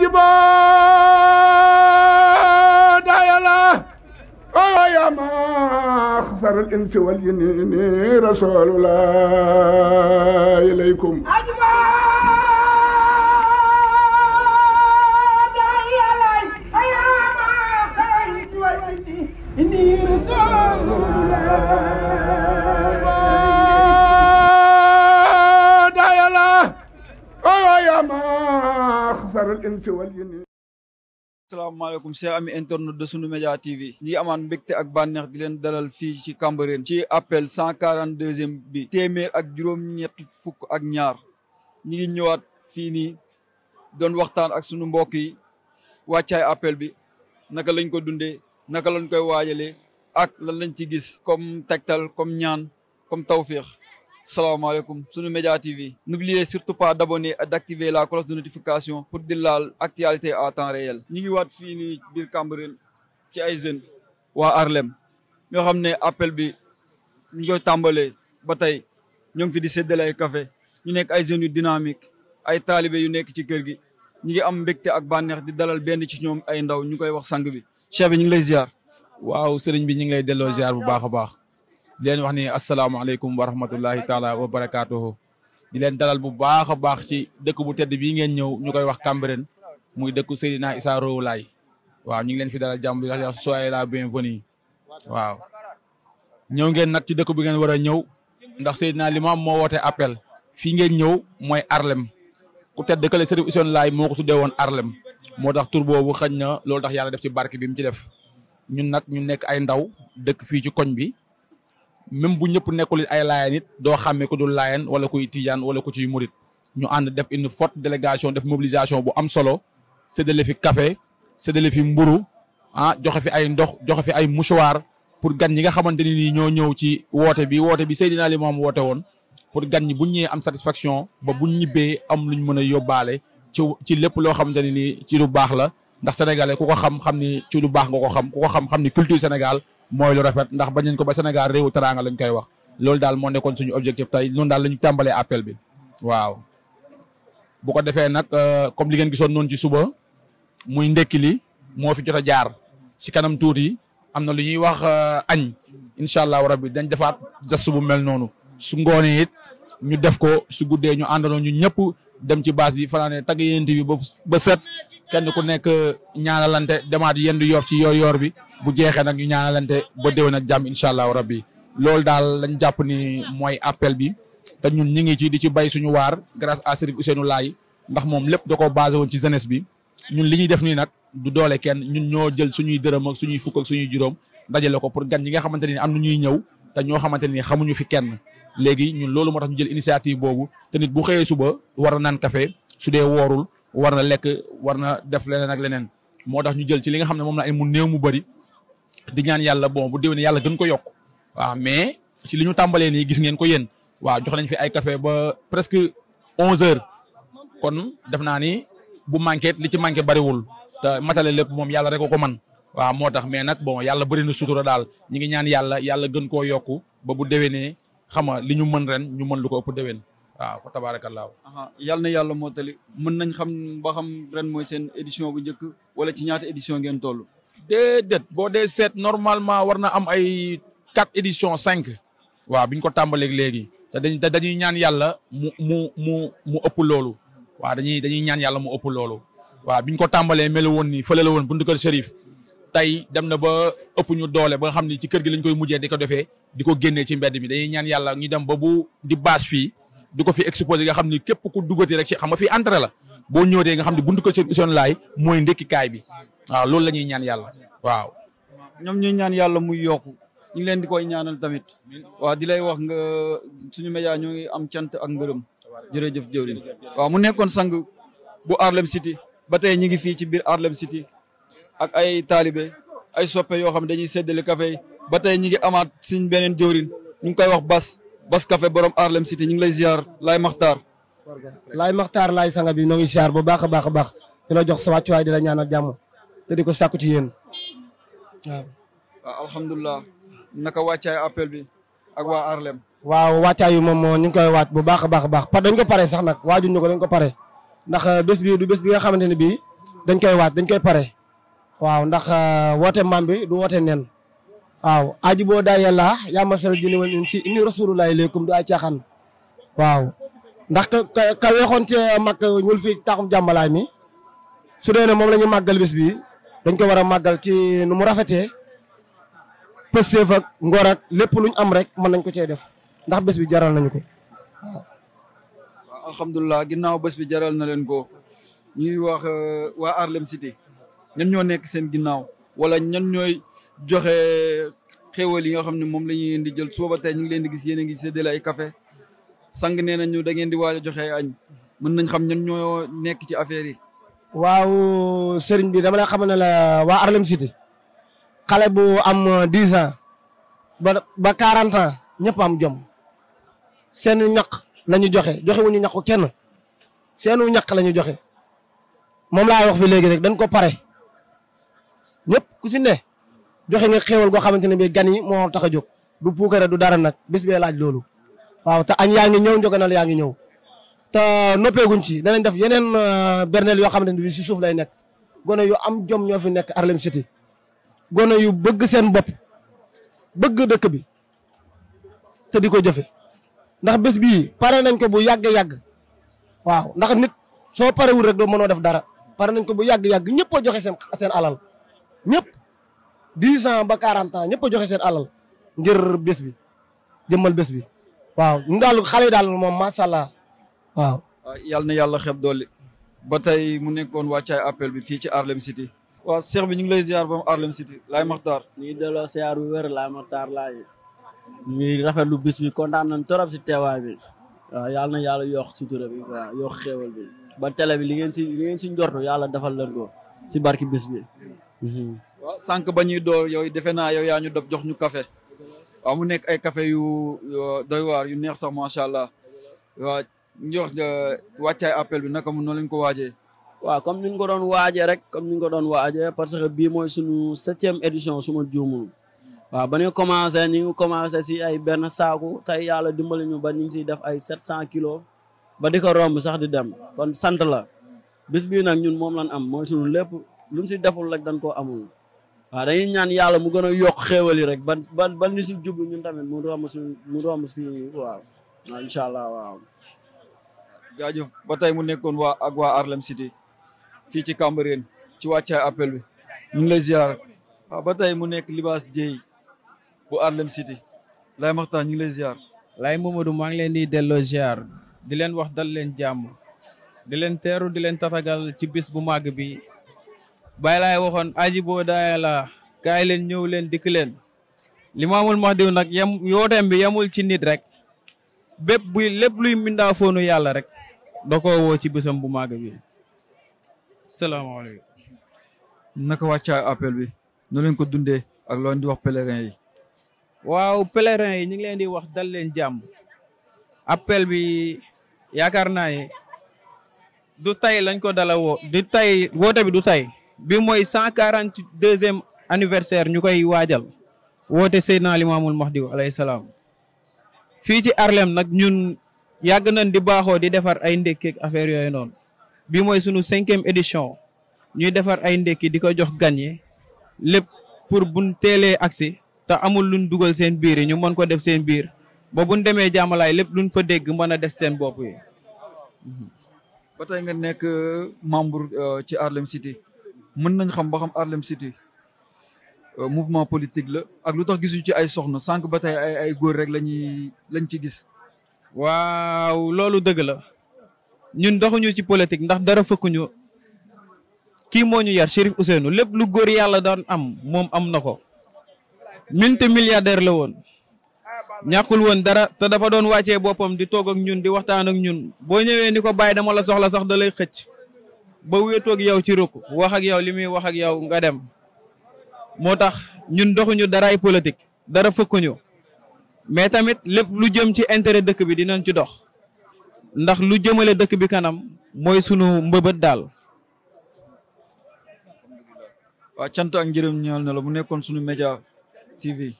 جبود يا الله ويا ما خسر الانس والجنين رسول الله اليكم إني رسول الله masaral insi wal jinni asalaamaaleykum chers de sunu média TV ñi ngi amaan mbégte ak bànneex di leen dalal fii ci Cambérène ci appel cent quarante deuxième bi téeméer ak juróom-ñett fukk ak ñaar ñi ngi ñëwaat fii nii doon waxtaan ak sunu mbokk yi wàccaay appel bi naka lañ ko dundee naka lañ koy waajalee ak lan lañ ci gis comme tegtal comme ñaan comme tawféex salaamaaleykum sunu média TV n'oubliez surtout pas d'abonner et d'activer la cloche de notification pour di laal actualité à temps réel ñi ngi waat fii nii biir Cambérène ci ay jeunes waa Harlem ñoo xam ne appel bi ñu koy tàmbalee ba tey ñoo ngi fi di séddale ay café ñu nekk ay jeunes yu dynamique ay taalibe yu nekk ci kër gi ñu ngi am mbégte ak bànneex di dalal benn ci ñoom ay ndaw ñu koy wax sang bi chef bi ñu ngi lay ziar waaw sëriñ bi ñu ngi lay delloo ziar bu baax a baax di leen wax ni asalaamaaleykum wa rahmatullahi taala wa barakaatuhu di leen dalal bu baax a baax ci dëkk bu tedd bii ngeen ñëw ñu koy wax Cambérène muy dëkk Seydina Issa rohou laay waaw ñu ngi leen fi dalal jàmm bi wax soyez la bienvenue waaw ñëw ngeen nag ci dëkk bi ngeen war ñëw ndax Seydina Limam moo woote appel fii ngeen ñëw mooy Arlem ku tedd kële Serigne Ousseynou laay moo ko tuddee woon Arlem moo tax tur boobu xëñ na loolu tax yàlla def ci barke bi mu ci def ñun nag ñu nekk ay ndaw dëkk fii ci koñ bi même bu ñëpp nekkul ay laayeen it doo xàmmee ku dul laayeen wala kuy tijaan wala ku ciy murit ñu ànd def une forte délégation def mobilisation bu am solo séddale fi café séddale fi mburu ah joxe fi ay ndox joxe fi ay mouchoir pour gan ñi nga xamante ni nii ñoo ñëw ci woote bi woote bi Seydina Limaamu woote woon pour gan ñi bu ñëwee am satisfaction ba bu ñibbee am luñ mën a yóbbaale ci ci lépp loo xamante ne nii ci lu baax la ndax sénégalais ku ko xam xam ni ci lu baax nga ko xam ku ni culture Sénégal mooy lu rafet ndax bañ nañ ko ba Sénégal réewu teraanga lañ koy wax loolu daal moo nekkoon suñu objectif tey noonu daal la ñu tàmbalee appel bi waaw. bu ko defee nag euh, comme li ngeen gisoon noonu ci suba muy ndekki li moo fi jot a jaar si kanam tuuti am na lu ñuy wax euh, añ incha allahu rabbi dañ defaat geste bu mel noonu su ngoonee it ñu def ko su guddee ñu àndandoo ñu ñëpp dem ci base bi fanaane tagg yéent bi ba set kenn ku nekk ñaanalante demaat yenn yoof ci yoor yoor bi bu jeexee nag ñu ñaanalante ba déwén ak jàmm incha allahu rabbi loolu daal lañ jàpp ni mooy appel bi te ñun ñi ngi ci di ci bay suñu waar grâce à Serigne Ousseynou Laye ndax moom lépp da koo basé woon ci jeunesse bi ñun li ñuy def nii nag du doole kenn ñun ñoo jël suñuy dërëm suñuy fukk ak suñuy juróom dajale ko pour gan ñi nga xamante ni am na ñuy ñëw te ñoo xamante ni xamuñu fi kenn léegi ñun loolu moo tax ñu jël initiative boobu te nit bu xëyee suba war a naan café su dee woorul war na lekk war na def leneen ak leneen moo tax ñu jël ci li nga xam ne moom na ay mu néew mu bëri di ñaan yàlla bon bu déwénee yàlla gën ko yokk waaw mais ci li ñu tàmbalee nii gis ngeen ko yéen waaw jox nañ fi ay café ba presque onze kon def naa ni bu manqué li ci manqué bariwul te matale lépp moom yàlla rek ko man waaw moo tax mais nag bon yàlla bëri na sutura daal ñi ngi ñaan yàlla yàlla gën koo yokku ba bu déwénee xam nga li ñu mën ren ñu mën lu ko ëpp déwén waaw fa tabaarakallaahu yal na yàlla moo tali mën na xam ba xam ren mooy seen édition bu njëkk wala ci ñaata édition ngeen toll déedéet boo dee seet normalement war na am ay quatre édition cinq waaw biñ ko tàmbalee léegi te dañ dañuy ñaan yàlla mu mu mu mu ëpp loolu waaw dañuy dañuy ñaan yàlla mu ëpp loolu waaw biñ ko tàmbalee mel woon ni fële la woon buntu kër Chérif tey dem na ba ëpp ñu doole ba xam ni ci kër gi lañ koy mujjee di ko defee di ko génnee ci mbedd mi dañuy ñaan yàlla ñu dem ba bu di baas fii di ko fi exposé nga xam ni képp ku duggati rek ci xam nga fi entrée la boo ñëwatee nga xam ne buntu ko seen Ousseynou Laye mooy ndékkikaay bi waaw loolu la ñuy ñaan yàlla waaw. ñoom ñuy ñaan yàlla muy yokku ñu ngi leen di koy ñaanal tamit waaw di lay wax nga suñu média ñoo ngi am cant ak ngërëm jërëjëf jëwrin waaw mu nekkoon sang bu Harlem City ba tey ñu ngi fii ci biir Harlem City ak ay taalibe ay soppe yoo xam ne dañuy séddale café yi ba tey ñi ngi amaat suñ beneen jëwrin ñu ngi koy wax Bas Bas Café borom Harlem City ñu ngi lay ziar Laay Maxtaar. Laay Maxtaar laay sanga bi ñoo ngi ziar bu baax a baax a baax di la jox sa wàccuwaay di la ñaanal jàmm te ko sàkku ci yéen waaw. waaw ah, alhamdulilah naka wàccaay bi ak waa Harlem. waaw wàccaay yu moom ñu ngi koy waaj bu baax a baax a baax dañ ko pare sax nag waajuñ ñu ko dañ ko pare ndax euh, bés bi du bés bi nga xamante ne bii dañ koy waaj dañ koy pare waaw ndax euh, woote maam bi du woote nen. waaw aji boo daa yàlla yaa masal jinni wal insi inni rasulullahi ilaykum du ay caaxaan waaw ndax ka ka weexoon ci màkk ñul fii taaxum jàmbalaay mi su dee ne moom la màggal bis bi dañ ko war a màggal ci nu mu rafetee pësteef ak ngor ak lépp luñ am rek mën nañ ko cee def ndax bés bi jaral nañu ko waaw ginnaaw bés bi jaral na leen ko ñuy wax euh, waa Harlem City ñan ñoo nekk seen ginnaaw wala ñan ñooy joxe xéewal yi nga xam ne moom la ñuy di jël suba tey ñu ngi leen di gis yéen a ngi séddale ay café sang nee nañu dangeen di waaj joxe añ mën nañ xam ñan ñoo nekk ci affaire yi. waaw sëriñ bi dama la xamal ne la waa Harlem xale bu am dix ans ba ba quarante ñëpp am jom seen ñaq la joxe joxe wu ñu ñaq kenn seenu ñaq la ñu joxe moom laa wax fi léegi rek dañ ko pare. ñëpp ku si ne joxe nga xéewal goo xamante ne bii gan yi moo tax a jóg du puukare du dara nag bés bee laaj loolu waaw te añ yaa ngi ñëw njoganal yaa ngi ñëw te noppeeguñ ci danañ def yeneen euh, berneel yoo xamante ne bi si suuf lay nekk gone yu am jom ñoo fi nekk Harlem City gone yu bëgg seen bopp bëgg dëkk bi te di ko jëfe ndax bés bii pare nañ ko bu yàgg-yàgg waaw ndax nit soo parewul rek doo mënoo def dara pare nañ ko bu yàgg-yàgg ñëpp a joxe seen seen alal ñëpp dix ans ba quarante ans ñëpp a joxe seen alal ngir bés bi jëmmal bés bi waaw ñu daal xale daal moom macha allah waaw. Ah, yàlla na yàlla xeb doole ba tey mu nekkoon wàccaay appel bi fii ci Harlem City. waaw seex bi ñu ngi lay ziar ba Harlem City laay maxtaar ñu ngi delloo ziar bu wér laay maxtaar laay ñu ngi rafetlu bis bi kontaan nañ torop si teewaay bi waaw yàlla na yàlla yokk sutura bi waaw yokk bi ba tele bi li ngeen si li ngeen si njortu yàlla defal leen ko si barki bis bi Mhm. waaw sànq ba ñuy door yow defe naa yow yaa ñu dab jox ñu kafe waaw mu nekk ay kafe yu doy waar yu neex sax macha allah waaw ñu wax wàccaay appel bi nag mu noonu lañ ko waajee. waaw comme ni ñu ko doon waajee rek comme ni ñu ko doon waajee parce que bii mooy suñu septième édition suma juumul waaw ba ñu commencé ni commencé si ay benn saaku tey yàlla dimbali ñu ba ñu ngi siy def ay sept cent kilos ba di ko romb sax di dem kon sant la bis bii nag ñun moom lañ am mooy suñu lépp. luñ si deful rek dañ ko amul waaw dañuy ñaan yàlla mu gën a yokk xéewal yi rek ban ban ban ñu si jublu ñun tamit mu romb si mu romb si waaw waaw allah waaw jaajëf ba tey mu nekkoon waa ak waa Harlem fii ci Cambérène ci wàccaay appel bi ñu ngi lay ziar waaw ba tey mu nekk Libaas Dieye bu Harlem City lay maxtaan ñu ngi lay ziar lay Momadou maa ngi leen di delloo ziar di leen wax dal leen jàmm di leen teeru di leen tatagal ci bis bu màgg bi bàyyi laay waxoon aji boo daaya laa kaay leen ñëw leen dikk leen limaamul mahdiw nag yem yooteem bi yemul ci nit rek bépp buy lépp luy mbindaa foonu yàlla rek da koo woo ci bésam bu màgg bi salaamaaleykum naka wàccaay appel bi nu leen ko dundee ak loo di wax pèlerin yi waaw pèlerin yi ñu ngi leen di wax dal leen jàmm appel bi yaakaar naa ne du tay lañ ko dala woo bi du tay bi mooy cent quarante deuxième anniversaire ñu koy waajal woote Seydina Limaamul Mahdi alay salaam fii ci Arlem nag ñun yàgg nañ di baaxoo di defar ay ndékkeeg affaire yooyu noonu bi mooy sunu cinquième édition ñuy defar ay ndekki di ko jox gan yi lépp pour buñ teelee agsi te amul luñ dugal seen biir ñu mën ko def seen biir ba buñ demee jàmmalaay lépp luñ fa dégg mën a des seen bopp yi. ba tey nga nekk membre euh, ci Arlem City. mën nañ xam ba xam Harlem City euh, mouvement politique la ak lu tax gisuñu ci ay soxna sànq ba tey ay ay góor rek lañuy lañ ci gis. waaw loolu dëgg la ñun doxuñu ci politique ndax dara fëkkuñu kii moo ñu yar Chérif Ousseynou lépp lu góor yàlla daan am moom am na ko. multi milliardaire la woon ñàkkul woon dara te dafa doon wàccee boppam di toog ak ñun di waxtaan ak ñun boo ñëwee ni ko bàyyi dama la soxla sax da lay xëcc. ba wéetoog yow ci rukk wax ak yow li muy wax ak yow nga dem moo tax ñun doxuñu daraay politique dara fëkkuñu mais tamit lépp lu jëm ci intérêt dëkk bi dinañ ci dox ndax lu jëmale dëkk bi kanam mooy sunu mbëbët daal. waaw cant ak njërëm ñaal na la mu nekkoon sunu média TV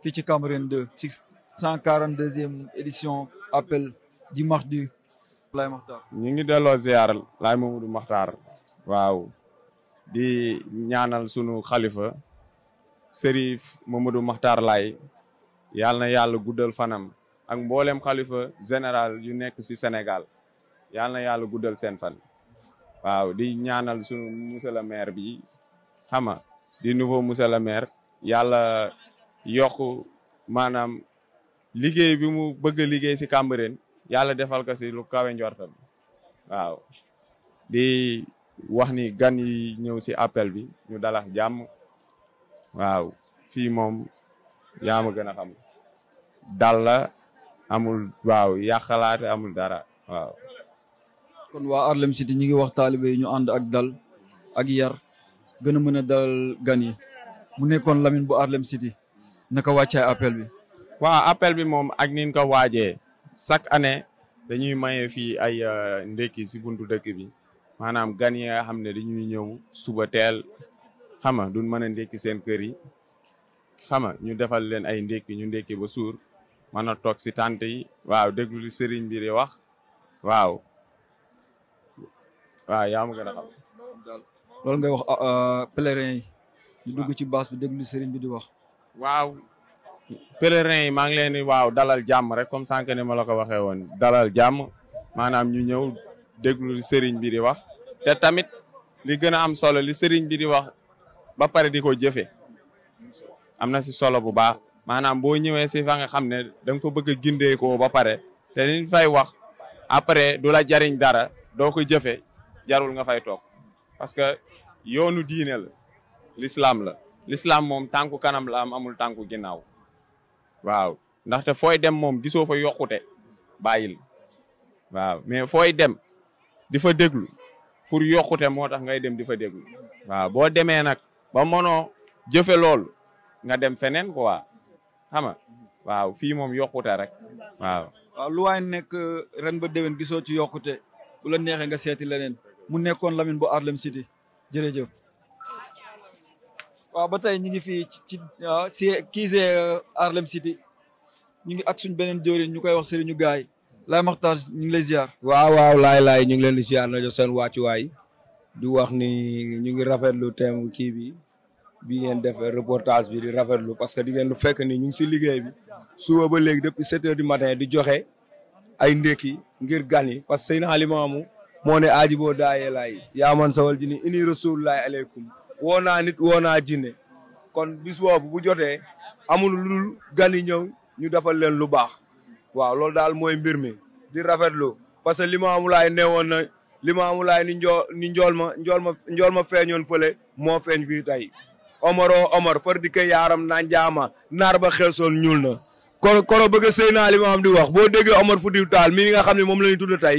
fii ci Cambérène 2 642e édition appel du mardi. Laye Makhtar ñu ngi delloo ziar Laye Mamadou Makhtar waaw di ñaanal sunu xalifa Serif Mamadou Makhtar Laye yàlla na yàlla guddal fanam ak mboolem xalifa général yu nekk si Sénégal yàlla na yàlla guddal seen fan waaw di ñaanal sunu monsieur le maire bi xama di nouveau monsieur le maire yàlla yokk maanaam liggéey bi mu bëgg a liggéey ci Cambérène yàlla defal ko si lu kawe njortam waaw di wax ni gan yi ñëw si appel bi ñu dalax jàmm waaw fii moom yaa ma gën a xam dal la amul waaw yàqalaate amul dara waaw. kon waa Harlem City ñi ngi wax taalibe ñu ànd ak dal ak yar gën a mën a dalal gan yi mu nekkoon Lamine bu Harlem City naka wàccaay appel bi. waaw appel bi moom ak nin ko waajee. chaque année dañuy maye fii ay euh, ndekki si buntu dëkk bi maanaam gan yi nga xam ne dañuy ñëw suba teel xam nga duñ mën a ndekki seen kër yi xam ñu defal leen ay ndekki ñu ndekki ba suur mën a toog si tànt yi waaw déglu sëriñ bi di wax waaw waaw yaa ma gën a xam loolu ngay wax euh, pèlerin yi ñu dugg ci baas bi déglu sëriñ bi di wax waaw pèlerins yi maa ngi leen di waaw dalal jàmm rek comme sànq ni ma la ko waxee woon dalal jàmm maanaam ñu ñëw déglu sëriñ bi di wax te tamit li gën a am solo li sëriñ bi di wax ba pare di ko jëfee am na si solo bu baax maanaam boo ñëwee si fa nga xam ne da nga fa bëgg a gindee ko ba pare te liñ fay wax après du la jariñ dara doo ko jëfe jarul nga fay toog parce que yoonu diine la l'islam la l'islam moom tànku kanam la am amul tànku ginnaaw waaw ndaxte fooy dem moom gisoo fa yokkute bàyyil waaw mais fooy dem di fa déglu pour yokkute moo tax ngay dem di fa déglu waaw boo demee nag ba mënoo jëfe loolu nga dem feneen quoi xam nga waaw fii moom yokkute rek waaw. waaw lu waay nekk uh, ren ba déwén gisoo ci yokkute bu la neexee nga seeti leneen mu nekkoon Lamine bo Harlem City jërëjëf. waaw ba tey ñu ngi fii ci ci ah, kiise euh, Harlem City ñu ngi ak suñ beneen jëwriñ ñu koy wax Serigne Gaay Laye Makhtar ñu ngi lay ziar. waaw waaw laay laay ñu ngi leen di ziar na jox seen wàccuwaay di wax ni ñu ngi rafetlu thème kii bi bi ngeen def reportage bi di rafetlu parce que di ngeen lu fekk ni ñu ngi si liggéey bi suba ba léegi depuis sept di du di joxe ay ndékki ngir gan yi parce que seen xalimaamu moo ne aaji boo daayee laay yaa man sawal ji ni ini rasululaahi aleykum woo naa nit woo naa jinne kon bis boobu bu jotee amul lu dul ñëw ñu defal leen lu baax waaw loolu daal mooy mbir mi di rafetlu parce que Limaamu Laay neewoon na Limaamu Laay ni njoo ni njool ma njool ma njool ma feeñoon fële moo feeñ fii tey omaro omar far di koy yaaram naan jaama naar ba xeesoon ñuul na koro koro bëgg a naa li ma am di wax boo déggee omar fu diw taal mii nga xam ne moom la ñu tey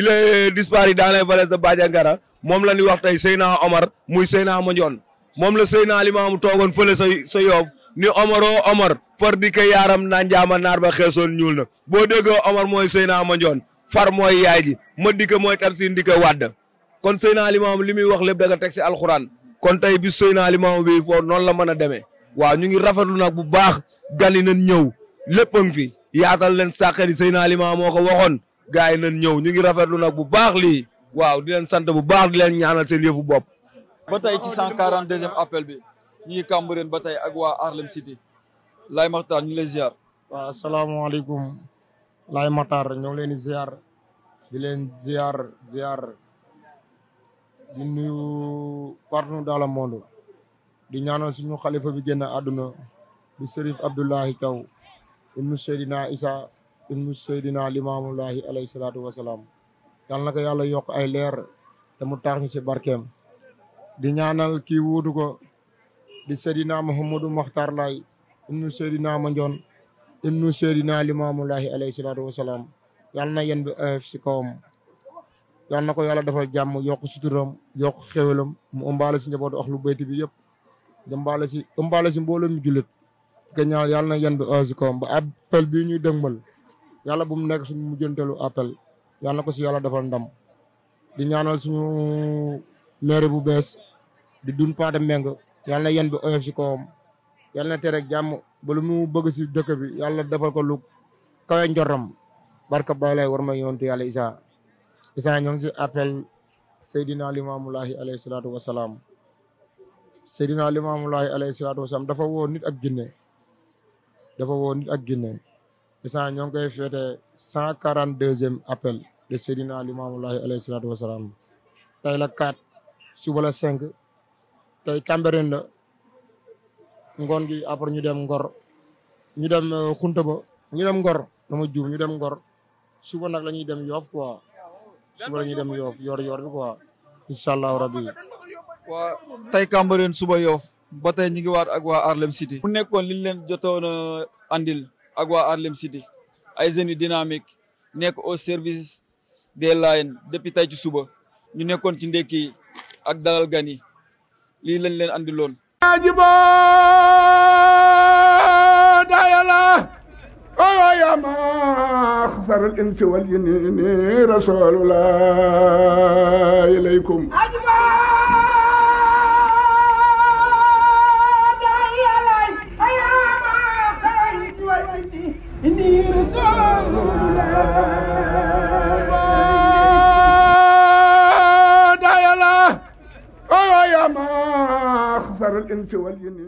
il est disparu dans les vallées de Badiangara moom la ñuy wax tey Seyna Omar muy Seyna Mandione moom la Seyna Limaamu toogoon fële sa sa yoof ni Omaroo oh Omar far di ko yaaram naan jaama naar ba xeesoon ñuul na boo déggoo Omar mooy Seyna Mandione far mooy yaay ji ma di ko mooy Tamsine di ko wàdd kon Seyna Limaamu li muy wax lépp da nga teg si alxuraan kon tey bis Seyna Limaamu bi foofu noon la mën a demee waaw ñu ngi rafetul nag bu baax gan yi nañ ñëw lépp a ngi fi yaatal yi Seyna Limaamu moo ko gars yi nañ ñëw ñu ngi rafetlu nag bu baax li waaw di leen sant bu baax di leen ñaanal seen yëfu bopp. ba tey ci cent quarante deuxième appel bi ñu ngi Cambérène ba tey ak waa Harlem City Laye Makhtar ñu ngi lay ziar. waaw salaamaaleykum Laye Makhtar ñoo leen di ziar di leen ziar ziar di nuyu partout dans le monde di ñaanal suñu xalifa bi génn àdduna di Serif Abdoulahi Thiaw ibnu Seydina Isa ibnu seydina limaamullahi alayhi salaatu wasalaam yàlla na ko yàlla yokk ay leer te mu taax ñu ci barkeem di ñaanal kii wuutu ko di seydina muhammadu maxtaar lay ibnu seydina manjoon ibnu seydina limaamullahi alayhi salaatu wasalaam yàlla na yen bi af si kawam yàlla na ko yàlla defal jàmm yokk suturam yokk xéwalam mu ëmbaale si njabootu ak lu bayti bi yëpp ëmbaale si ëmbaale si mbooloo mi jullit ko na yen bi af si kawam ba appel bii ñuy dëgmal yàlla bu mu nekk suñu mujjanteelu appel yàlla ko si yàlla defal ndam di ñaanal suñu maire bu bees di dun paate meng yàlla na yen bi oyof si kawam yàlla na tere jàmm ba mu bëgg si dëkk bi yàlla defal ko lu kawe njortam barka bay lay war ma yontu yàlla isa isa ñoo ngi si appel seydina limaamulahi alayhi salaatu wasalaam seydina limaamulahi alayhi salaatu wasalaam dafa woo nit ak ginne dafa woo nit ak ginne isaan ñoo ko koy féete cent quarante deuxième appel de Seydina Limamoulahi alayhi salaatu wasalaam tey la quatre suba la cinq tey Cambérène la gi après ñu dem Ngor ñu dem Xuntaba euh, ñu dem Ngor dama juum ñu dem Ngor suba nag la ñuy dem Yoff quoi suba la ñuy dem Yoff yor yor bi quoi incha allahu rabbi waa tey Cambérène suba Yoff ba tey ñu ngi waat ak waa Harlem City mu nekkoon liñ leen jotoon euh, andil ak waa Harlem City ay jeunes yu nekk au service des Lions depuis tey ci suba ñu nekkoon ci ndekki yi ak dalal gan yi lii lañ leen andi loon ajibo dayala oyama xasaral insi wal yinini rasulullah ilaykum أكثر الإنس والجن